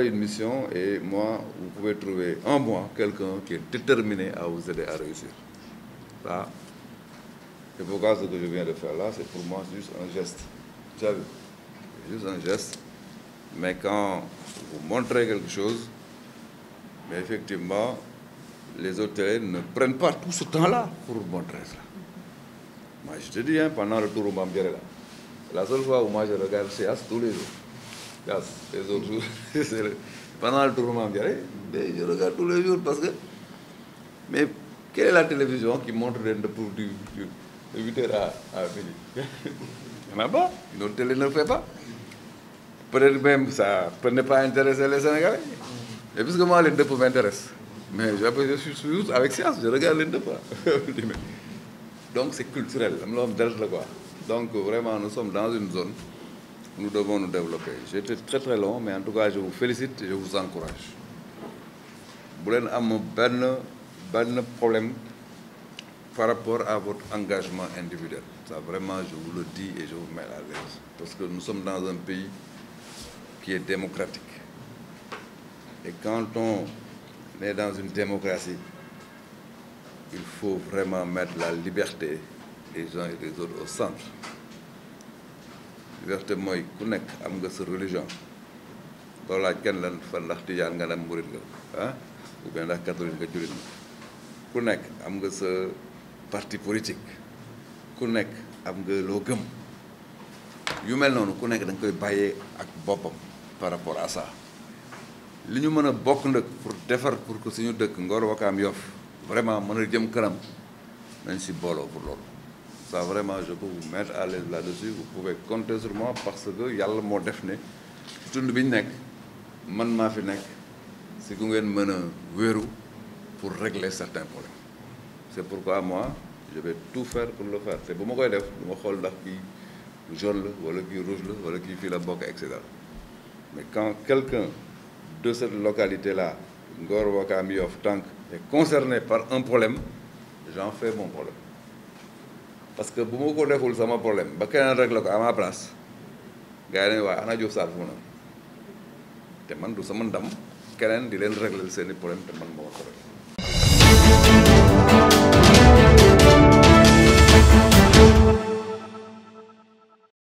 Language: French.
une mission et moi, vous pouvez trouver en moi quelqu'un qui est déterminé à vous aider à réussir. Là, c'est pourquoi ce que je viens de faire là, c'est pour moi juste un geste. Tu as vu Juste un geste. Mais quand vous montrez quelque chose, mais effectivement, les hôtels ne prennent pas tout ce temps-là pour vous montrer cela. Moi, je te dis, hein, pendant le tour au Bambiere, là, la seule fois où moi je regarde CS tous les jours les autres jours, pendant le tournoi, je regarde tous les jours parce que. Mais quelle est la télévision qui montre les du, de 8h à, à midi Il n'y en a pas. Une autre télé ne le fait pas. Peut-être même ça ne pas intéresser les Sénégalais. Et puisque moi, les deux Mais je suis avec science, je regarde les Donc c'est culturel. Donc vraiment, nous sommes dans une zone nous devons nous développer. J'étais très très long, mais en tout cas, je vous félicite et je vous encourage. Vous avez un bon problème par rapport à votre engagement individuel. Ça, vraiment, je vous le dis et je vous mets à l'aise. Parce que nous sommes dans un pays qui est démocratique. Et quand on est dans une démocratie, il faut vraiment mettre la liberté des gens et des autres au centre. liberté mooy ku nekk am nga sa religion doo laaj kenn lan fa ndax tijaan nga dem murit nga ah ou bien ndax catholique nga jullit nga ku nekk am nga sa parti politique ku nekk am nga loo gëm yu mel noonu ku nekk da koy bàyyee ak boppam par rapport à ça li ñu mën a bokk nag pour defar pour que suñu dëkk Ngor Wakaam yof vraiment mën a jëm kanam nañ si booloo pour loolu ça vraiment je peux vous mettre à l'aise là-dessus vous pouvez compter sur moi parce que yàlla moo def ne tund bi man pour régler certains problèmes c'est pourquoi moi je vais tout faire pour le faire C'est pour moi, koy def vais faire. jaune wala rouge la wala la mais quand quelqu'un de cette localité là Ngor Ouakam Tank, tank est concerné par un problème j'en fais mon problème parce que bu ma ko deful sama problème ba keneen rek ko à ma place gars yi dañuy waaye ana Diouf Sarr fu mu ne te man du sama ndam keneen di leen régler seen i problème te man moo ko rek